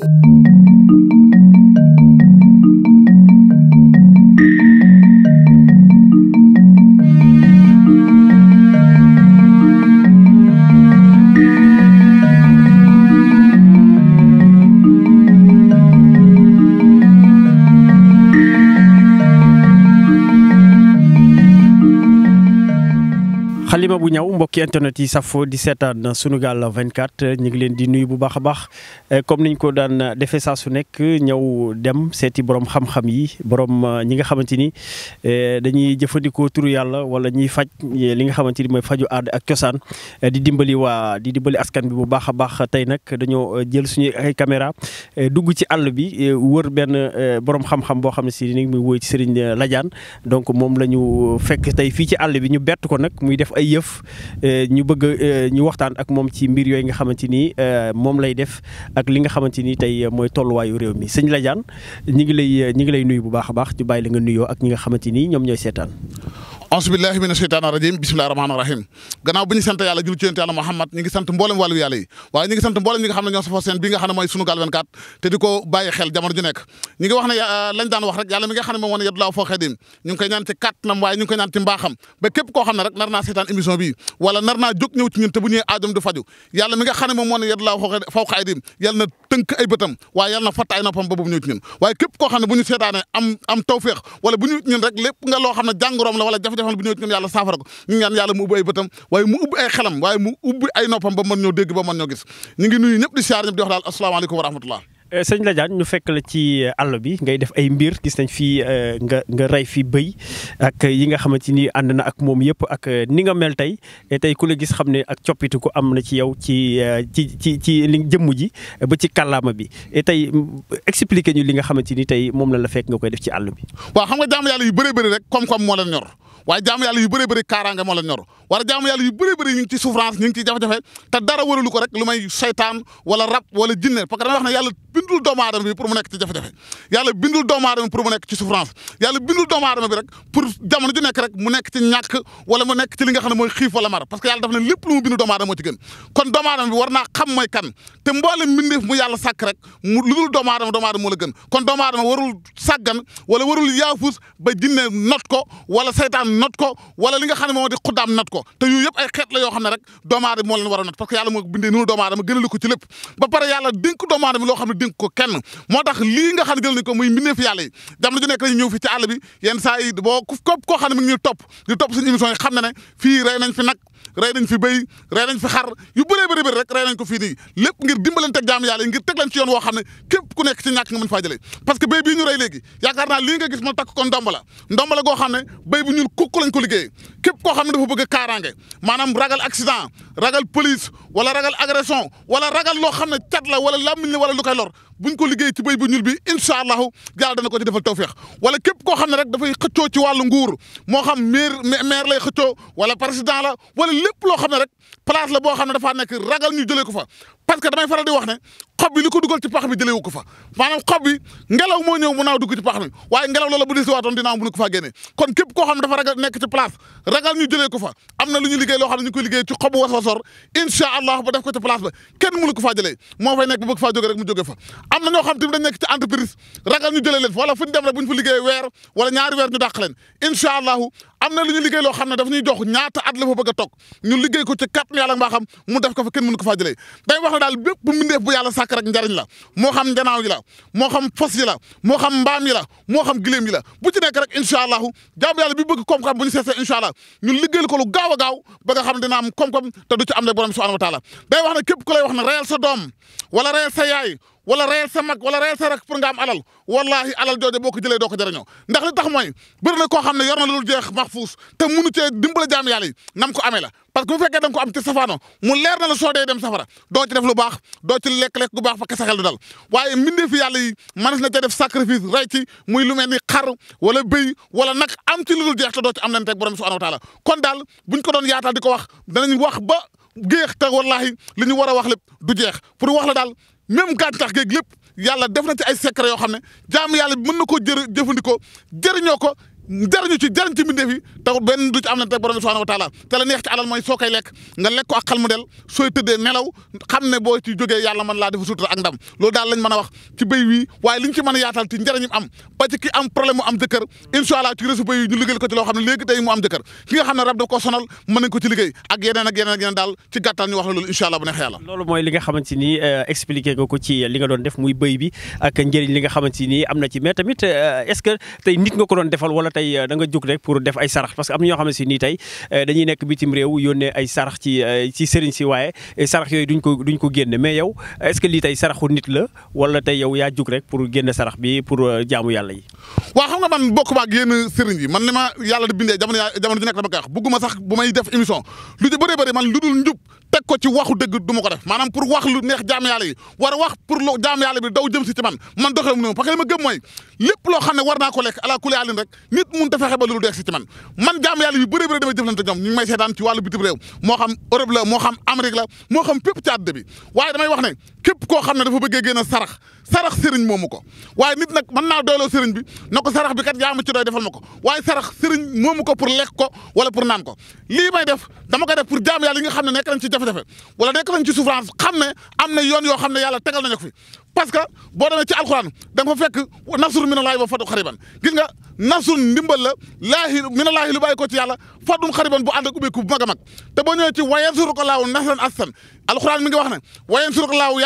Thank you. mbokki internet yi safo di seetaan Sunugal 24 ñu ngi leen di nuyu bu baax a baax eh, comme ni ñu ko daan defee saa su nekk ñëw dem seeti boroom xam-xam yi borom eh, ñi nga xamante ni eh, dañuy jëfandikoo turu yàlla wala ñuy faj li nga xamante ni mooy faju aada ak cosaan di dimbali waa di dimbali askan bi bu baax a baax tey nag dañoo jël suñu ay caméra dugg ci àll bi wër benn borom xam-xam boo xam ne si ni muy woy ci Serigne Ladiane donc moom la ñu fekk tey fii ci àll bi ñu bett ko nag muy def ay yëf Euh, ñu bëgg euh, ñu waxtaan ak moom ci mbir yooyu nga xamante ni euh, moom lay def ak li nga xamante ni tey mooy tolluwaayu réew mi sëñ Ladiane ñu ngi lay ñu ngi lay nuyu bu baax a baax ñu bàyyi la nga nuyoo ak ñi nga xamante ni ñoom ñooy seetaan. ansbillahi mina sheytaani rajim bismillahi jul ci yonent yàlla Muhammad ñu ngi sant mboolem wàllu yàlla yi waaye ñu ngi mboolem ñi xam ne ñoo safoo seen bi nga xam ne mooy sunu gaal 24 te di ko bàyyi xel jamono ju nekk ñu wax ne euh, lañ daan wax rek yàlla mi xam moom moo ne yadulaaw foo xedim ñu ngi koy ñaan ci waaye ñu ngi koy mbaaxam ba képp koo xam ne rek nar naa seetaan émission bi wala nar naa jóg ñëw ci ñun te tënk ay bëtam waaye yàlla na fatt ay noppam ba bu ñëw ci waaye képp koo xam ne bu ñu seetaane am am tawféex bu ñëw ci ñun rek lépp nga loo xam ne jàngoroom la wala jafe-jafe bu ñëw ci ñun yàlla saafara ko ñu ngi ñaan yàlla mu ubbi ay bëtam waaye mu ubbi ay xelam waaye mu ubbi ay noppam ba mën ñoo dégg ba mën ñoo gis ñu ngi nuyu ñëpp di siyaar ñëpp di wax daal asalaamaaleykum wa rahmatullah Euh, sëñ Ladiane ñu fekk la ci euh, àll bi ngay def ay mbir gis nañ fii euh, nga nga rey fi bëy ak yi nga xamante ni ànd na ak moom yëpp ak ni nga mel tey tey ku la gis xam ne ak coppite ku am na ci yow ci ci ci ci li jëmm ji ba ci kàllaama bi tey expliquer ñu li nga xamante ni tey moom la la fekk nga koy def ci àll bi. waaw xam nga jaamu yàlla yu bëree bëri rek koom-koom moo leen ñor waaye jaamu yàlla yu bëree bëri kaaraange moo leen ñor wala jaamu yàlla yu bëree bëri ñu ngi ci souffrance ñu ngi ci jafe-jafe te dara waralu ko rek lu may seytaan wala rab wala jinne parce que dama wax ne yàlla bindul doomu aadama bi pour mu nekk ci jafe-jafe yàlla bindul doomu bi nekk ci souffrance yàlla bindul rek pour jamono ju nekk rek mu nekk ci ñàkk mooy xiif wala mar parce que yàlla dafa ne lépp moo ci gën kon mooy kan te a not parce que yàlla moo bindee loo xam ne dénk ko kenn moo tax lii nga xam ne jël nañ ko muy mbindeef yàlla yi jamono ju nekk lañu ñëw fi ci àll bi yenn saa yi boo képp koo xam ne mi ngi ñuy topp di topp suñu émission xam ne ne rey nañ fi nag rey nañ fi béy rey nañ fi xar yu bëree bëri bëri rek rey ko fii nii lépp ngir dimbalante ak jaamu yàlla yi ngir teg leen ci oon woo xam ne képp ku nekk ci ñàkk nga mën faa jëlee parce que béy bii ñu rey léegi yaakaar naa lii nga gis ma takk ko ndomba la ndomba la goo xam ne béy bu ñuul kukku lañ ko liggéeyee képp koo xam ne dafa bëgg kaaraange maanaam ragal accident ragal police wala ragal agression wala ragal loo xam ne cat la wala làmmiñ la wala lu koy lor buñ ko liggéey ci béy bu ñuul bi incha allahu yàlla dana ko ci defal tawféex wala képp koo xam ne rek dafay xëccoo ci wàllu nguur moo xam maire maire lay xëccoo wala président la wala lépp loo xam ne rek place la boo xam ne dafaa nekk ragal ñu jëlee ko fa parce que damay faral di wax ne xob bi li ko dugal ci pax bi jëlee wu ko fa maanaam xob ngelaw moo ñëw mu naaw dugg ci pax bi waaye ngelaw ko xam ne dafa ragal nekk ci place ragal ñu jëlee ko fa am na lu ñu liggéey loo xam ne ñu koy liggéey ci xobu waswasor incha allah ba def ko ci place ba kenn mënu ko faa jëlee moo fay nekk bu bëgg rek mu jóge fa am na xam tamit dañ nekk ci entreprise ragal ñu jëlee leen fa wala fu ñu dem bu ñu fa liggéey weer wala ñaari am na lu ñu liggéey loo xam ne daf ñuy jox ñaata at la fa bëgg a toog ñu liggéey ko ci kàttan yàlla mbaa xam mu def ko fa kenn mënu ko faa jëlee day wax ne daal bépp mbindeef bu yàlla sàkk rek njariñ la moo xam njanaaw yi la moo xam fas yi la moo xam mbaam yi la moo xam giléem yi la bu ci nekk rek incha allahu jaamu yàlla bi bëgg kom koom bu ñu seesee incha allah ñu liggéeyal ko lu gaaw a gaaw ba nga xam dina am koom-koom te du ci am le borom subhanahu wa wax ne képp ku wax ne reyal sa doom wala sa yaay wala reyal sa mag wala reyal sa rak pour nga am alal wallahi alal jooju boo ko jëlee doo ko jëriñoo ndax li tax mooy bëri na koo xam ne yor na lu jeex maxfuus te munu cee dimbale jaam yàlla yi nam ko amee la parce que bu fekkee da nga ko safaano mu leer la soo dem safara doo def lu baax doo lekk-lekk gu baax fa sa xel du dal waaye mbindee fi yàlla yi mënees na ca def sacrifice rey muy lu mel ni xar wala béy wala nag am ci lu dul jeex doo ci am lan teg borom kon daal ko doon yaatal di ko wax danañ wax ba li ñu war a wax lépp du jeex pour wax la daal même gàncax geeg lépp yàlla def na ci ay secret yoo xam ne jaamu yàlla bi mën na koo jër jëfandikoo jëriñoo ko jariñu ci jariñ ci mbindeef yi taxul benn du ci am na teg borom bi subhanahu wa taala te la neex ci alal mooy soo koy lekk nga lekk ko ak del sooy tëddee nelaw xam ne boo ci jógee yàlla mën laa def sutura ak ndam loolu daal lañ mën a wax ci béy wii waaye liñ ci mën yaatal ci njëriñum am ba ci ki am problème mu am jëkkër incha ci réseau ñu liggéey ko ci loo xam ne léegi tey mu am jëkkër ki nga xam ne rab da ko sonal mën nañ ko ci na ci tey euh, da nga jóg rek pour def ay sarax parce que am ñoo xam ne si nii tey euh, dañuy nekk bitim réew yónnee ay sarax ci euh, sëriñ si waaye sarax yooyu duñ ko duñ ko génne est-ce que lii tey saraxu nit la wala tey yow yaa jóg rek pour génne sarax bi pour jaamu yàlla yi. waaw xam nga man bokk ma ak sëriñ yi man ni ma yàlla di bindee jamono jamono ji nekk dama koy wax bugguma sax bu may def émission lu ci bëree bëri man lu dul njub teg ko ci waxu dëgg du ma ko a ñëpp mun ta fexe ba loolu du egsi ci man man jaam yàlla yu bëree bëri damay jëflante ñoom ñu ngi may seetaan ci wàllu bitim réew moo xam Europe la moo xam Amérique la moo xam pépp ci àddina bi waaye damay wax ne képp koo xam ne dafa bëggee génn sarax sarax sëriñ moomu ko waaye nit nag mën naa doyloo sëriñ bi na ko sarax bi kat yaa ci doy defal ma ko waaye sarax sëriñ moomu ko pour lekk ko wala pour naan ko lii may def dama koy def pour jaam yàlla yi nga xam ne nekk nañ ci jafe-jafe wala nekk nañ ci souffrance xam ne am na yoon yoo xam ne yàlla tegal nañu fi parce que boo demee ci alxuraan da nga fekk nasrun minallaahi wa fadun xariban gis nga ndimbal la boo ñëwee ci wayansuruka laahu nasran asan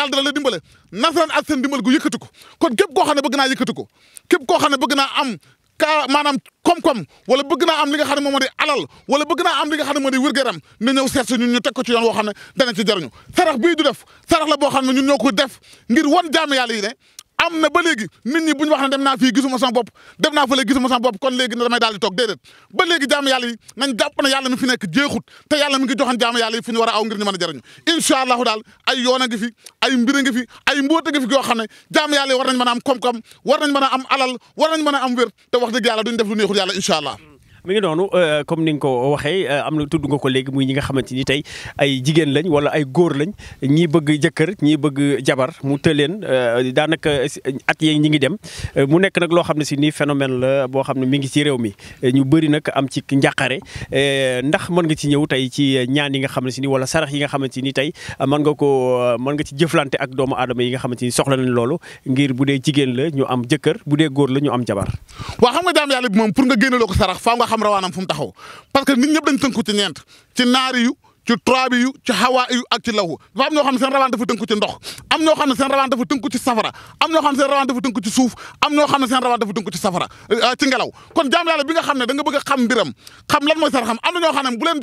yàlla dana la dimbale nasaraan ak seen gu yëkkati ko kon képp koo xam ne bëgg naa yëkkati ko képp koo xam ne bëgg naa am ka maanaam koom-koom wala bëgg naa am li nga xam ne moom moo di alal wala bëgg naa am li nga xam ne moo di wér-gu-yaram na ñëw seet si ñun ñu teg ci yoon woo xam ne dana ci jariñu sarax bii du def sarax la boo xam ne ñun ñoo ko def ngir wan jaam yàlla yi ne am na ba léegi nit ñi bu ñu dem naa fii gisuma sama bopp dem naa fële gisuma sama bopp kon léegi ne damay daal di toog déedéet ba léegi jaamu yàlla yi na yàlla mi fi nekk jeexut te yàlla mi ngi joxoon jaamu yàlla yi fi a aw ngir ñu mën a jëriñu incha allahu daal ay yoon a ngi fi ay mbir a ngi fi ay mbóot a ngi fi yoo xam ne jaamu yàlla war nañ mën a am koom-koom war nañ mën a am alal war nañ mën a am wér te wax dëgg yàlla duñ def lu neexul yàlla incha allah mi ngi noonu euh, comme ni nga ko waxee euh, am na tudd nga ko léegi muy ñi nga xamante ni tey ay jigéen lañ wala ay góor lañ ñii bëgg jëkkër ñi bëgg jabar mu tëleen euh, daanaka at yee ñi ngi dem mu nekk nag loo xam ne si nii phénomène la boo xam ne mi ngi ci réew mi ñu bëri nag am ci njàqare ndax mën nga ci ñëw tey ci ñaan yi nga xam ne si nii wala sarax yi nga xamante ni tey mën nga ko mën nga ci jëflante ak doomu aadama yi nga xamante ni soxla nañ loolu ngir bu dee jigéen la ñu am jëkkër bu dee góor la ñu am jabar xam rawaanam fu mu taxaw parce que nit ñëpp dañ tënku ci ñeent ci naari yu ci trois yu ci xawaa yu ak ci lawu dafa am ñoo xam ne seen rawaan dafa tënku ci ndox am ñoo xam ne seen rawaan dafa tënku ci safara am ñoo xam ne seen rawaan dafa tënku ci suuf am ñoo xam ne seen rawaan dafa tënku ci safara euh, am na ñoo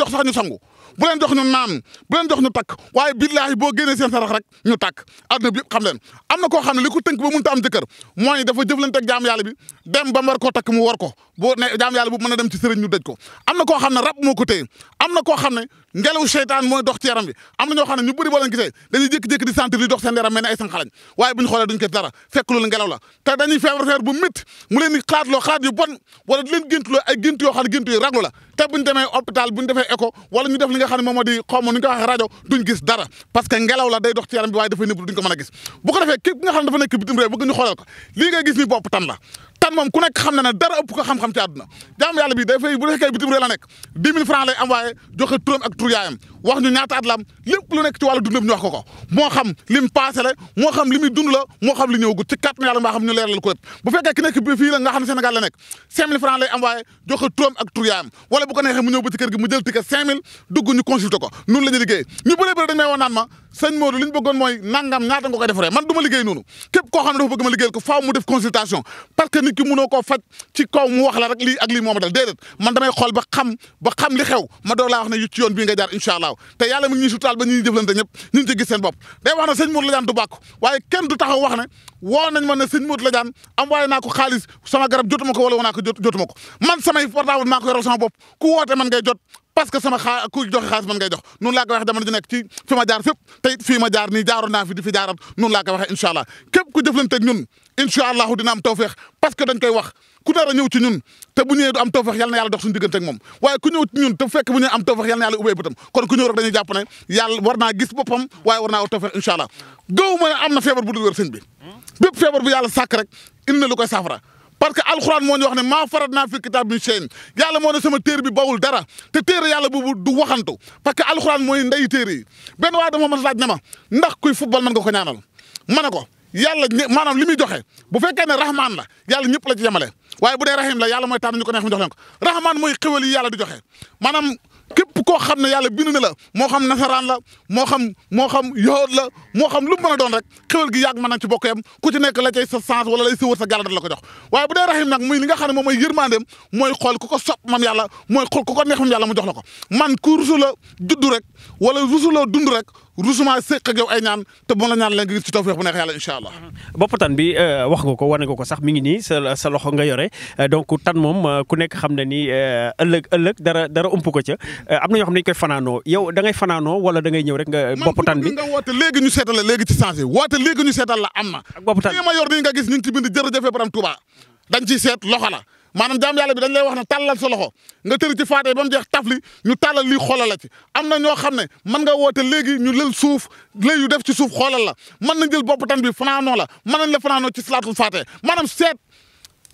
xam ne bu bu leen jox ñu naam bu leen jox ñu takk waaye billaahi boo génnee seen sarax rek ñu takk àdduna bi xam leen am na koo xam ne li ko tënk ba mënut a am jëkkër mooy dafa jëflante ak jaam yàlla bi dem ba mu war koo takk mu war ko boo ne jaam yàlla bu mën a dem ci sëriñ ñu dëj ko am na koo xam ne rab moo ko téye am na koo xam ne ngelaw seytaan mooy dox ci yaram bi am na ñoo xam ne ñu bëri boo leen gisee dañuy jékki-jékki di sentir li dox seen yaram mel ne ay sanxalañ waaye bu ñu xoolee duñ ko dara fekk ngelaw la te bu métti mu leen di xalaat yoo xam ne gént yu raglu la te buñ demee hôpital buñ defee écho wala ñu def li nga xam ne moom moo di xaw ma nu gis dara parce que ngelaw la day dox ci yaram bi waaye dafay nëbb duñ a defee képp nga xam ne dafa nekk bitim réew bëgg ñu xoolal ko lii ngay gis ni bopp tan la kan moom ku nekk xam na ne dara ëpp ko xam-xam ci àdduna jaam yàlla bi dafay bu fekkee bitim réew la nekk 10 000 francs lay envoyé joxe turam ak tur yaayam wax ñu ñaata at la lu nekk ci wàllu dundam ñu wax ko ko moo xam lim passé moo xam li muy moo xam li ñu leeral ci kër mu du ma liggéey noonu képp koo xam ne dafa bëgg ma liggéeyal wax la rek lii ak dal déedéet man damay xool ba xam ba xam li xew ma door laa wax ne yu ci yoon bii nga jaar incha gaaw te yàlla mu ngi ñuy sutaal ba ñu ñuy jëflante ñëpp ñu wax na sëñ Modou Ladiane du bàkku waaye kenn du taxaw wax ne woo nañ ma ne sëñ Modou Ladiane am waaye naa ko xaalis sama garab jotuma ko wala wanaa ko jotuma ko man samay portable maa ko yoral sama bopp ku woote man ngay jot parce que sama xaa ku joxe xaalis man ngay jox noonu laa koy waxee jamono ji nekk ci fi ma jaar fépp te it fii ma jaar nii jaaroon naa fi fi jaaram noonu laa koy waxee incha allah képp ku jëflante incha allahu dina am tawféex parce que dañ koy wax ku nar a ñëw ci ñun te bu ñëwee du am tawféex yal na yàlla dox suñu moom waaye ku ñëw ci ñun te fekk bu ñëwee am tawféex yal na yàlla ubbee bëtam kon ku ñëw rek dañuy jàpp ne gis boppam waaye war naa war tawféex gaw ma ne feebar bu dul wér sëñ bi bépp feebar bu yàlla sàkk rek indi na lu koy saafara parce que alxuraan moo ñu wax ne maa farat naa fi kitaab min shay'in yàlla moo ne sama téere bi bawul dara te téere yàlla boobu du waxantu parce que mooy ndeyu téere benn waaye dama mën laaj ne ma ndax kuy football mën ko ñaanal ma ne ko yàlla maanaam li muy joxe bu fekkee ne rahman la yàlla ñëpp la ci yemale waaye bu dee rahim la yàlla mooy tànn ñu ko neex mu jox leen ko rahman mooy xéwal yi yàlla di joxe maanaam képp koo xam ne la moo xam nasaraan la moo xam moo xam yowoot la moo xam lu mu mën a doon rek xéwal gi yàgg maanaam ci bokk yam ku ci nekk la cay sa sens wala lay si wër sa yàlla dal la ko jox waaye bu dee rahim nag muy li nga xam ne moom mooy yërmandeem mooy ko sopp mooy xool ko neex moom yàlla mu jox la ko man ku rusu la judd rek wala rusu la dund rek rusuma séq ak yow ay ñaan te bu la ñaan la nga gis ci tawfeex bu neex yàlla incha allah. bopp tan bi euh, wax nga ko war nga ko sax mi ngi nii sa sa loxo nga yore euh, donc tan moom euh, ku nekk xam na ni ëllëg ëllëg dara dara ump ko ca am na ñoo xam ne dañ koy fanaanoo yow da ngay fanaanoo wala da ngay ñëw rek nga bopp tan bi nga woote léegi ñu seetal la léegi ci changé woota léegi ñu seetal la am na. ak bopp ma yor nii nga gis ñu ngi ci bind jërëjëf Borom Touba dañ ciy seet loxo la maanaam jaam bi dañ lay wax ne tàllal sa loxo nga tëri ci faatee ba mu jeex tafli ñu tàllal lii xoolal la ci am na ñoo xam ne mën nga woote léegi ñu lël suuf lay def ci suuf xoolal la mën nañ jël bopp tan bi fanaanoo la mën nañ la fanaanoo ci salaatul faatee maanaam seet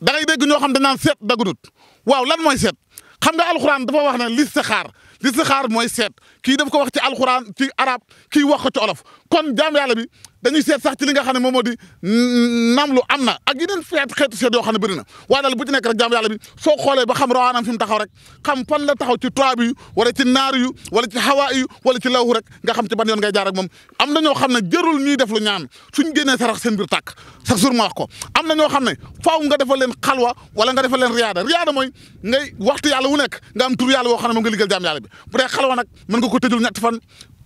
da ngay dégg ñoo xam dañ naan seet dagunut waaw lan mooy seet xam nga alxuraan dafa wax ne listixaar listixaar mooy seet kii daf ko wax ci alxuraan ci arab kii wax ko ci olof kon jaam yàlla bi dañuy seet sax ci li nga xam ne moom moo di naam am na ak yeneen feet xeetu seet yoo xam ne bëri na waaye daal bu ci nekk rek jaam yàlla bi soo xoolee ba xam rawaanam fi mu taxaw rek xam fan la taxaw ci tubaab yu wala ci naar yu wala ci xawaa yu wala ci lawhu rek nga xam ci ban yoon ngay jaar ak moom am na ñoo xam ne jërul ñuy def lu ñaan suñ génnee sarax seen biir tàkk sax sur ma ko am na ñoo xam ne faaw nga defal leen xalwa wala nga defal leen riyaada riyaada mooy ngay waxtu yàlla wu nekk nga am yàlla woo xam ne moom nga liggéeyal jaam yàlla bi bu ko tëjul ñetti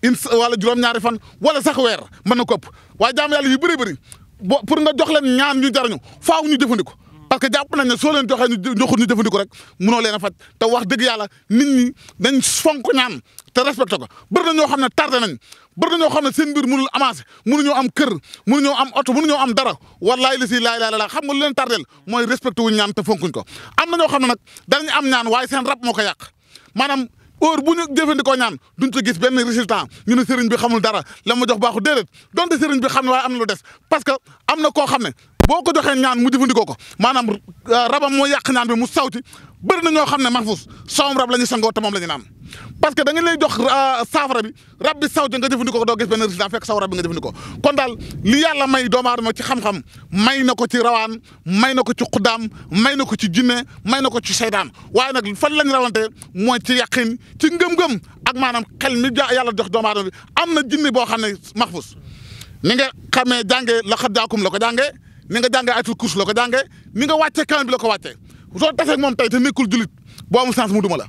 in wala juróom-ñaari fan wala sax weer mën na ko ëpp waaye jaam yàlla yu bëri bëri bo pour nga jox leen ñaan ñu jariñu faaw ñu jëfandiko parce que jàpp nañ ne soo leen joxee ñu joxut ñu jëfandiko rek munoo leen a faj te wax dëgg yàlla nit ñi fonk ñaan te respecté ko bëri na ñoo xam ne tardé nañ bëri na ñoo xam ne seen mbir mënul avancé ñu am kër mënuñoo am oto mënuñoo am dara wallaay li si laay laay laa xam nga lu leen tardeel mooy respecté wuñ ñaan te fonkuñ ko am na ñoo xam ne nag danañ am ñaan waaye seen rab moo ko yàq heure bu ñu jëfandikoo ñaan duñ ci gis benn résultant ñu ne sëriñ bi xamul dara lama ma jox baaxu déedéet donte sëriñ bi xam ne waaye am na lu des parce que am na koo xam ne boo ko joxee ñaan mu jëfandikoo ko maanaam euh, rabam moo yàq ñaan bi mu sawti bëri na ñoo xam ne Mahfouss soom rab la ñu sangoo te moom la ñu naan parce que da nga lay jox euh, saafara bi rab bi saw ja nga jëfandikoo ko doo gis benn résultat fekk saw rab nga jëfandikoo kon daal li yàlla may doomu ci xam may na ko ci rawaan may na ko ci xuddaam may na ko ci jinne may na ko ci seydaan waaye nag fan lañ rawante mooy ci yàqin ci ngëm-ngëm ak maanaam xel mi yàlla jox doomu bi am na jinne boo xam ne Mahfouss ni nga xamee jàngee la xat jaakum la ko jàngee ni nga jàngee atul kursu la ko jàngee ni nga wàccee kan bi la ko wàccee soo tasee ak moom tey te nekkul jullit boo amul chance mu duma la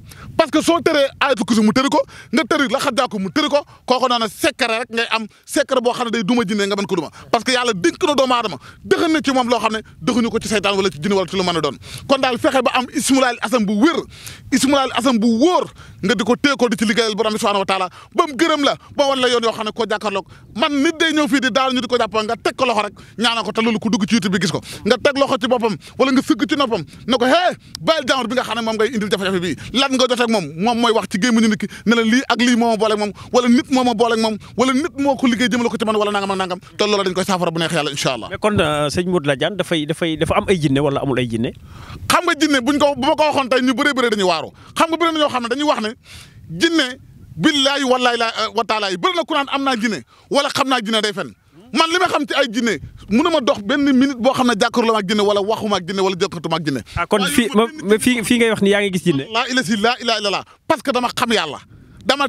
parce que soo tëree ayatu kursi mu tëri ko nga tëri la xajaaku mu tëri ko kooku noonu secret rek ngay am secret boo xam day duma jinne nga mën ko duma parce que yàlla dénk na doomu aadama dëxan ci moom loo xam ne dëxuñu ci saytaan wala ci jinne wala ci lu mën doon kon daal fexe ba am ismulaali asam bu wér nga di ko téye ko di ci liggéeyal borom bi subhanahu wa taala ba gërëm la ba wan la yoon yoo xam ne koo jàkkaarloog man nit day ñëw fii di moom moom mooy wax ci gémmiñu nit ki ne la lii ak lii moo ma booleeg moom wala nit moo ma booleeg moom wala nit moo ko liggéey jëmale ko man wala nangam nangam te loolu koy saafara bu neex yàlla incha allah. mais kon euh, sëñ Modou Ladiane dafay dafay dafa am ay jinne wala amul ay jinne. xam nga jinne bu ma ko waxoon tey ñu bëree bëree dañuy waaru xam nga bëri na xam ne dañuy wax ne jinne billaahi wallaahi euh, wa taala yi bëri na ku naan am naa jinne li ma xam ci mun ma dox benn minute boo xam ne jàkkaarloo ak jinne wala waxuma ak jinne wala jotatuma ak jinne. ah kon fii ma wax ni yaa ngi gis jinne. laa ilaaha illallaah parce que dama xam yàlla dama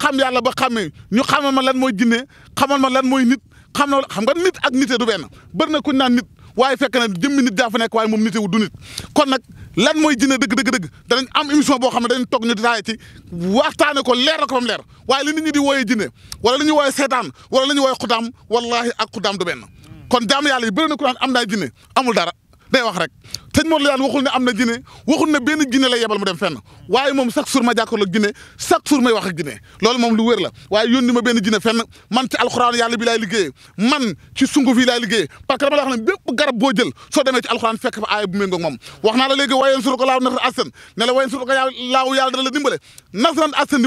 xam yàlla ba xamee ñu xamal ma lan mooy jinne xamal ma lan mooy nit xam na xam nga nit ak nite du benn na ku ñu naan waaye fekk na jëmmi nit daa fa nekk waaye moom nite wu du kon nag lan mooy jinne dëgg dëgg dëgg danañ am émission boo xam ne danañ toog ñu détaillé ci waxtaane ko leer na leer waaye li nit ñi di wooyee jinne wala li ñuy wooyee seetaan wala li ñuy wooyee xudaam wallaahi ak xudaam du benn kon jaamu yàlla yi bëri na ku naan am naa jinne amul dara day wax rek sëñ Mor Liane waxul ne am na jinne waxul ne benn jinne lay yebal mu dem fenn waaye moom chaque jour ma jàkkaarloo ak jinne chaque jour may wax ak loolu moom lu wér la waaye yónni ma benn jinne fenn man ci alxuraan yàlla bi laay man ci sunguf yi laay liggéeyee parce que dama la wax garab boo jël soo demee ci alxuraan fekk fa aaya bu méngoog moom wax naa la léegi wayen suru ko laaw nasran asen ne la wayen suru ko laaw yàlla dana la dimbale nasran asen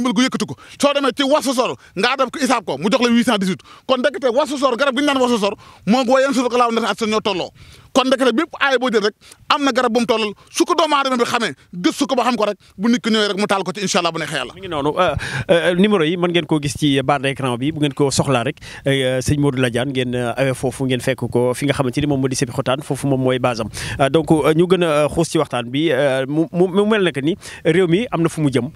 am na garab bu mu tollal su ko doomu aadama bi xamee gëstu ko ba xam ko rek bu nit ki ñëwee rek mu taal ko ci incha allah bu euh, euh, yi mën ngeen koo gis ci bande écran bi bu ngeen ko soxlaa rek euh, sëñ Modou Ladiane ngeen awee foofu ngeen fekk ko fi nga xamante ni moom moo di Sébi Xotaan foofu moom mooy basam donc ñu gën a xuus ci waxtaan bi mu mu mel na que ni réew mi am na fu mu jëm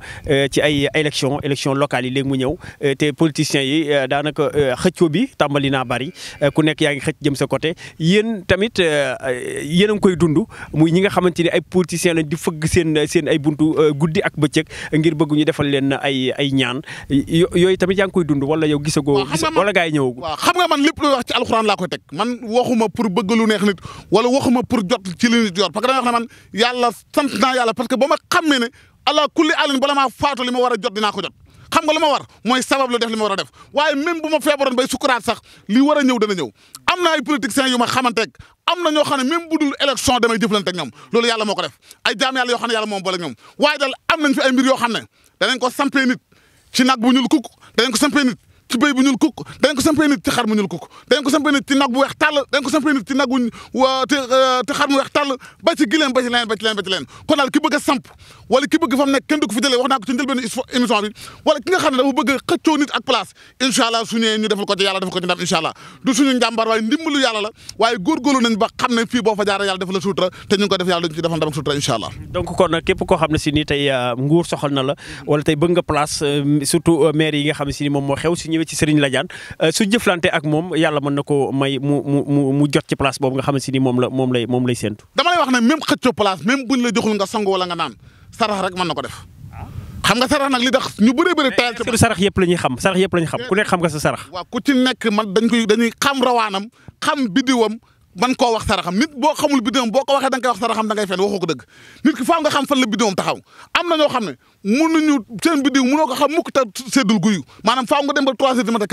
ci ay élection élection locale yi léegi mu ñëw te politiciens yi daanaka xëccoo bi tàmbali naa bari ku nekk yaa ngi xëcc jëm sa côté yéen tamit yéen a ngi koy dund muy ñi nga xamante ni ay politiciens lañ di fëgg seen seen ay buntu euh, guddi ak bëccëg ngir bëgg ñu defal leen ay ay ñaan yooyu tamit yaa ngi koy dund wala yow gisagoo. wala gaa yi ñëwagul. waaw xam nga man lépp lu wax ci alxuraan laa koy teg man waxuma pour bëgg lu neex nit wala waxuma pour jot ci li nit yor parce que dama ne man yàlla sant naa yàlla parce que boo ma xam ne allah kulli alin bala maa faatu li ma war a jot dinaa ko jot xam nga lu ma war mooy sabab lu def li ma war a def waaye même bu ma feebaroon bay sukuraat sax li war a ñëw dana ñëw am na ay politiciens yu ma xamanteeg am na ñoo xam ne même bu dul élection damay jëflante ak ñoom loolu yàlla moo ko def ay jaam yàlla yoo xam ne yàlla moom boole ñoom waaye daal am nañ fi ay mbir yoo xam ne danañ ko sampee nit ci nag bu ñul kuk danañ ko sampee nit ci béy bu ñuul kuk dañ sampee nit ci xar mu ñuul kuk dañ sampee nit ci nag bu weex tàll dañ sampee nit ci nag bu euh, weex tàll ba ci gileen ba ci leen ba ci leen kon daal ki bëgg samp wala ki bëgg fa nekk kenn du ko fi wax naa ko ci njëlbéenu émission bi wala ki nga xam ne dafa bëgg a xëccoo nit ak place incha xam ne fii boo fa jaara yàlla la suutura te ñu ngi def yàlla dañ ci defal ndam ak suutura incha allah donc kon nag képp koo xam ne si ni tey euh, nguur soxal na la wala tey bëgg nga place euh, ñëwee ci Serigne Ladiane euh, su jëflante ak moom yàlla mën na ko may mu mu mu jot ci place boobu nga xam si ni moom la moom lay moom dama lay wax ne même xëccoo place même buñ la joxul nga sangu wala nga naan sarax rek mën na ko def. xam nga sarax nag li tax ñu bëree bëri tayal ci sarax yëpp la xam sarax yëpp la xam ku nekk xam nga sa sarax. ku ci nekk man dañ koy dañuy xam rawaanam xam bidiwam man koo wax saraxam nit boo ko waxee da wax saraxam da fen waxoo ko dëgg nit ki faaw nga xam fan la bidéom taxaw am na ñoo xam ne mënuñu seen bidéo mënoo ko xam mukk te seddul guyu maanaam faaw nga dem ba trois heures du am na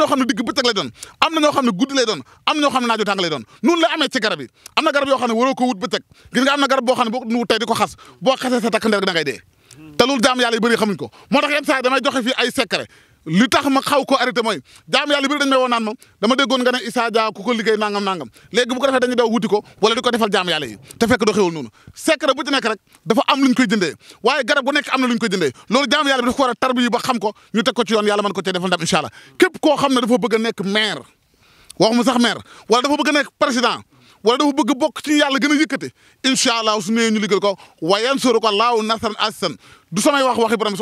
ñoo ne digg bëccëg lay doon am na ñoo xam ne guddi lay doon am na ñoo ne naaju tàng lay doon noonu la amee ci am na garab yoo ne waroo ko wut bëccëg gis am na garab boo xam ne boo ko wut tey di ko xas boo xasee sa takk ndeer li tax ma xaw ko arrêté mooy jaam yàlla bi dañ may woon naan ma dama déggoon nga ne Issa Dia ko liggéey nangam nangam léegi bu ko defee dañuy daw defal jaam yàlla yi te fekk doxewul noonu secret bu ci dafa am lu ñu koy loolu jaam yàlla bi dafa ko war a tarbi yi ba xam ko ñu teg ko ci yoon yàlla mën ko cee defal ndam incha allah képp xam ne dafa bëgg a nekk maire waxuma sax maire wala dafa bëgg a nekk président wala dafa bëgg bokk ci yàlla gën a yëkkate incha allah su nee ñu liggéey ko wayan suru ko laaw nasan asan du samay wax waxi borom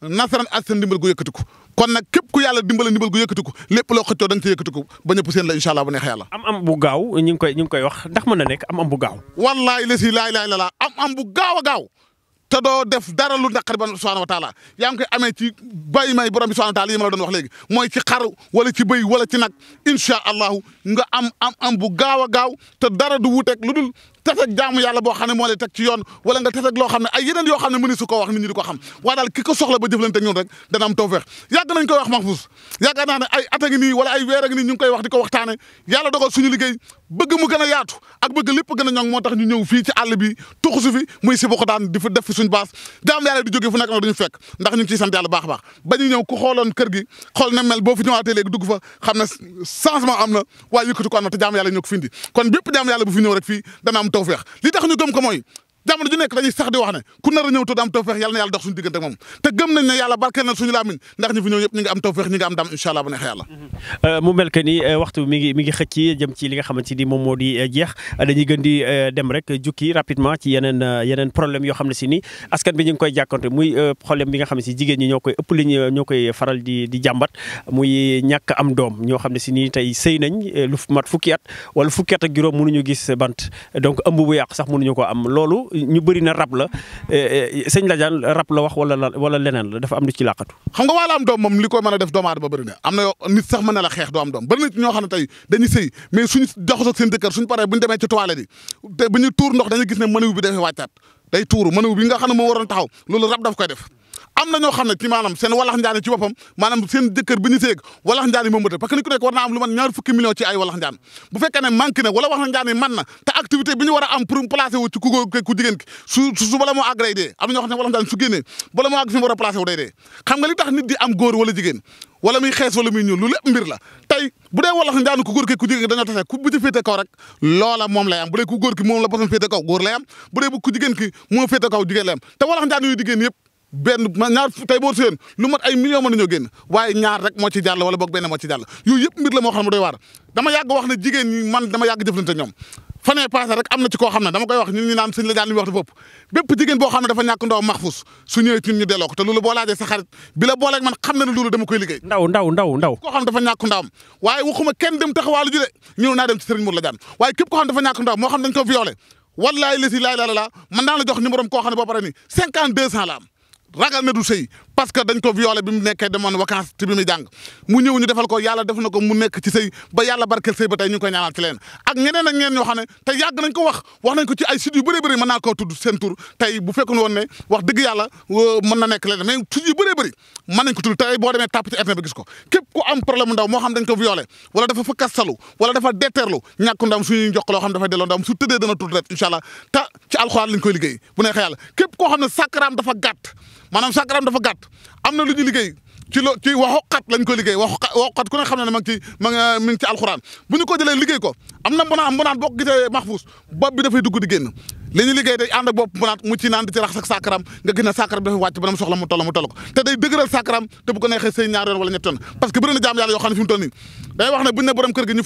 nasaraan ak seen ndimbal gu yëkkatiku kon nag képp ku yàlla dimbal ndimbal gu yëkkatiku lépp loo xëccoo da nga ci yëkkatiku ba ñëpp seen la incha allah bu neex am am bu gaaw ñu ngi koy ñu ngi koy wax ndax mën na nekk am am bu gaaw wallaahi la am am bu gaaw a gaaw doo def dara lu naqari ba subhaanahu wa taala yaa ngi koy amee ci bàyyi may borom bi subhaanahu wa taala doon wax léegi mooy ci xar wala ci bëy wala ci nag incha allahu nga am am am bu gaaw a gaaw te dara du wuuteeg lu dul tefeg jaamu yàlla boo xam ne moo lay teg ci yoon wala nga tefeg loo xam ne ay yeneen yoo xam ne mëni su ko wax nit ñi di ko xam waaye daal ki soxla ba jëflante ñun rek dana am tawfeex yàgg nañ koy wax Mahfouz yaakaar naa ne ay at a ngi nii wala ay weer a ngi nii ñu koy wax di ko waxtaane yàlla dogal suñu liggéey bëgg mu gën a yaatu ak bëgg lépp gën a ñoŋ moo tax ñu ñëw fii ci àll bi tuxu su fi muy si boko daan di fi def fi suñu baas jaam yàlla di na mel boo na waaye yëkkati ko am na te jaam yàlla am tawfeex li tax ñu gëm ko mooy jamono ju nekk dañuy sax di wax ne ku nar a ñëw tudd am tawfeex yàlla na yàlla dox suñu diggante ak moom te gëm nañ ne yàlla barkeel na suñu laamin ndax ñu fi ñëw ñëpp ñi nga am tawfeex ñi euh, mu ni euh, waxtu ngi mi ngi xëcc jëm ci li nga xamante ni moom moo di euh, jeex dañuy gën di dem rek jukki rapidement ci yeneen yeneen problème yoo xam ne si ni askan bi ñu ngi koy jàkkonte muy problème bi nga xam ne si jigéen ñi ñoo koy ëpp ñoo koy faral di di jàmbat muy ñàkk am doom ñoo xam ne si nii tey sëy nañ lu mat fukki at wala fukki at ak juróom ñu gis bant donc ëmb bu yàq sax mënuñu ko am loolu ñu bëri na rab la eh, eh, sëñ Ladiane rab la wax wala wala leneen la dafa am lu ci làqatu xam nga wala am doom moom li koy mën a def doomu aadama bëri am na nit sax mën na la xeex doo doom bëri ñoo xam ne tey dañuy sëy mais suñu jaxasoo seen jëkkër suñu paree bu ñu demee ci toilette yi bu ñu tuur ndox dañuy gis ne mënuw bi dafay wàccaat day tuuru mënuw bi nga xam ne moo waroon taxaw loolu rab daf koy def am na ñoo xam ne ci maanaam seen moom bëta parce que ni ku nekk war naa am lu man ñaar fukki million ci ay walax njaan bu fekkee ne manqué na wala walax njaani man na te activité bi ñu a am pour placé wu ci ku góor ki su su bala moo àgg day am na ñoo xam ne walax a placé wu wala jigéen wala muy xees wala muy ñuul lu lépp mbir la tey bu dee walax njaanu ku góor ki ku jigéen ki dañoo tase ku bu ci féete kaw rek loola moom la bosam bu dee ku jigéen ki moom benn ma ñaar tey boo séen lu mat ay millions mën nañoo génn waaye ñaar rek moo ci jàll wala boog benn moo ci jàll yooyu yëpp mbir la moo xam doy waar dama yàgg wax ne jigéen ñi man dama yàgg jëflante ñoom fanee passé rek am na ci li muy wax dafa ëpp bépp jigéen boo xam ne dafa ñàkk ndaw ko xam na ne loolu dama koy liggéey ndaw ndaw ndaw ndaw ko violé wallaay lesi laay la la man naa jox numéro am xam ne boo pare ni cinquante deux cent la am ragame du sëy parce que dañ ko violé bi mu nekkee demoon vacances te bi muy jàng mu ñëw ñu defal ko yàlla def na ko mu nekk ci sëy ba yàlla barkeel sëy ba tey ñu ko koy ñaanal ci leen ak ñeneen ak ñoo xam ne te yàgg nañ ko wax wax nañ ko ci ay sites yu bëree bëri mën naa koo tudd seen tur tey bu fekkoon woon wax dëgg yàlla euh, mën nekk leen mais sites yu bëree bëri mën nañ ko tudd tey boo demee tàpp ci internet ba gis ko képp ku am problème ndaw moo xam dañ ko violé wala dafa loo xam dafay delloo ndam su tëddee dana tudd liggéey bu neexee képp koo xam ne sàkkaraam dafa gàtt maanaam sàkkaram dafa gàtt am na lu ñu liggéey ci lo ci waxu xat lañ ko liggéey waxu waxu ku ne xam ne ma ngi ci alxuraan bu ñu ko jëlee liggéey ko am na mbonaan boo ko gisee maxfuus bopp bi dafay dugg di génn li ñu day ànd bopp mbonaan mu ci naan di ci rax ak nga gis ne sàkkaram dafay wàcc ba nam soxla mu toll mu toll ko te day dëgëral sàkkaram te bu ko neexee ñaar yoon wala ñett yoon parce que jaam yàlla yoo xam ne fi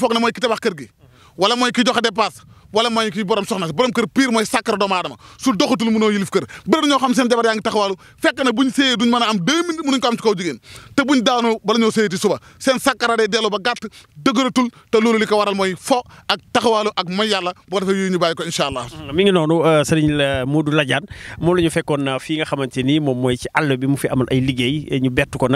mu wala mooy kii borom soxna si borom kër pire mooy sacre doomu aadama su doxatul mënoo yilif kër bëri ñoo xam seen jabar yaa ngi taxawaalu fekk na buñ séyee duñ mën a am deux minutes ko am ci kaw jigéen te buñ daanoo bala ñoo séyati suba seen sàkkara day dellu ba gàtt dëgëratul te loolu li ko waral mooy fo ak taxawaalu ak mooy yàlla boo defee yooyu ñu bàyyi ko incha allah mi ngi noonu euh, sëriñ euh, Modou Ladiane moom la ñu fekkoon euh, fii nga xamante ni moom mooy ci àll bi mu fi amal liggéey ñu bett ko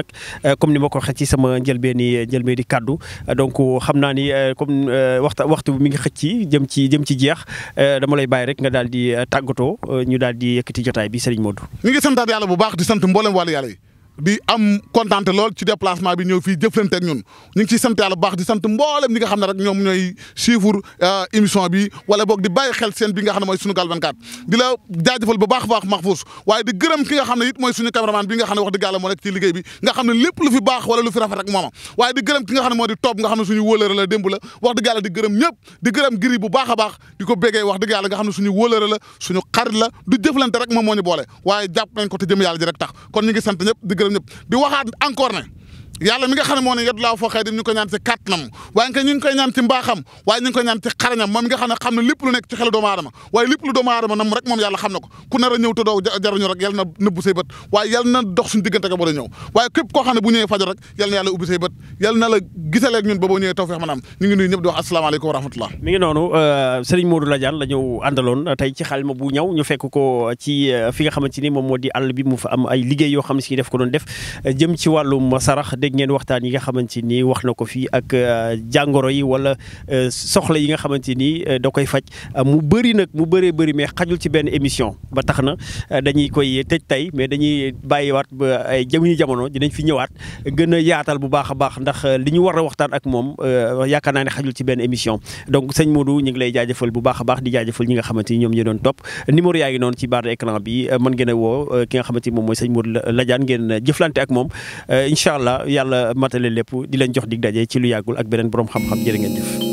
comme ni ma ko xëcc ci sama njëlbeeni njëlbeen di kàddu donc xam naa ni comme waxtu waxtu bi mi ngi xëcc jëm ci jëm ci jeex euh, dama lay bàyyi rek nga daal di euh, tàggatoo euh, ñu daal di yëkkati jotaay bi Serigne Modou. ñu ngi santaat yàlla bu baax di sant mboolem wàllu yàlla yi di am kontante lool ci déplacement bi ñëw fii jëflante ñun ñu ngi ciy sant baax di sant mboolem ñi nga xam ne rek ñoom ñooy suivre euh, émission bi wala boog di bàyyi xel seen bi nga xam ne mooy a baax Mahfouz waaye di suñu caméraman bi nga xam ne wax dëgg yàlla moo nekk ci liggéey bi nga xam ne lépp lu fi baax wala lu fi rafet rek mooma waaye di gërëm ki nga xam ne moo di topp nga xam ne suñu wóolëre la démb la wax dëgg yàlla di gërëm ñëpp di gërëm giri bu baax a baax di ko ñëpp di waxaat encore ne yàlla mi nga xam ne moo ne yadu laa foo xëy ñu ko ñaan ci kàttanam waaye nga ñu ngi koy ñaan ci mbaaxam waaye ñu ngi koy ñaan ci xarañam moom mi nga xam ne xam lu nekk ci xelu doomu aadama waaye lépp lu doomu aadama nam rek moom yàlla xam na ko ku nar a ñëw te doo jaruñu rek yàlla na nëbbu say bët la gisaleeg ñun ba boo ñëwee ñu ngi nuyu ñëpp di wax asalaamaaleykum wa rahmatullah euh, ko ci euh, nga xamante ni moom moo di àll bi mu fa ay liggéey yoo xam ne si def ko doon def jëm ci wàllum sarax dégg ngeen waxtaan yi nga xamante nii wax na ko fii ak euh, jàngoro yi wala euh, soxla yi nga xamante ni euh, da koy faj mu bëri nag mu bëree bëri mais xajul ci benn émission ba tax na dañuy koy tëj tey mais dañuy bàyyiwaat ba ay jamono jamono dinañ fi ñëwaat gën a yaatal bu baax a baax ndax li ñu war a waxtaan ak moom yaakaar naa ne xajul ci benn émission donc sëñ Modou ñu ngi lay jaajëfal bu baax baax di jaajëfal ñi nga xamante ni ñoom ñu doon topp numéro yaa ngi noonu ci barre écran bi mën ngeen a woo ki nga xamante ni moom mooy sëñ Modou Ladiane ngeen jëflante ak moom yàlla matale lépp di leen jox dig daje ci lu yàggul ak beneen borom xam-xam jërë ngeen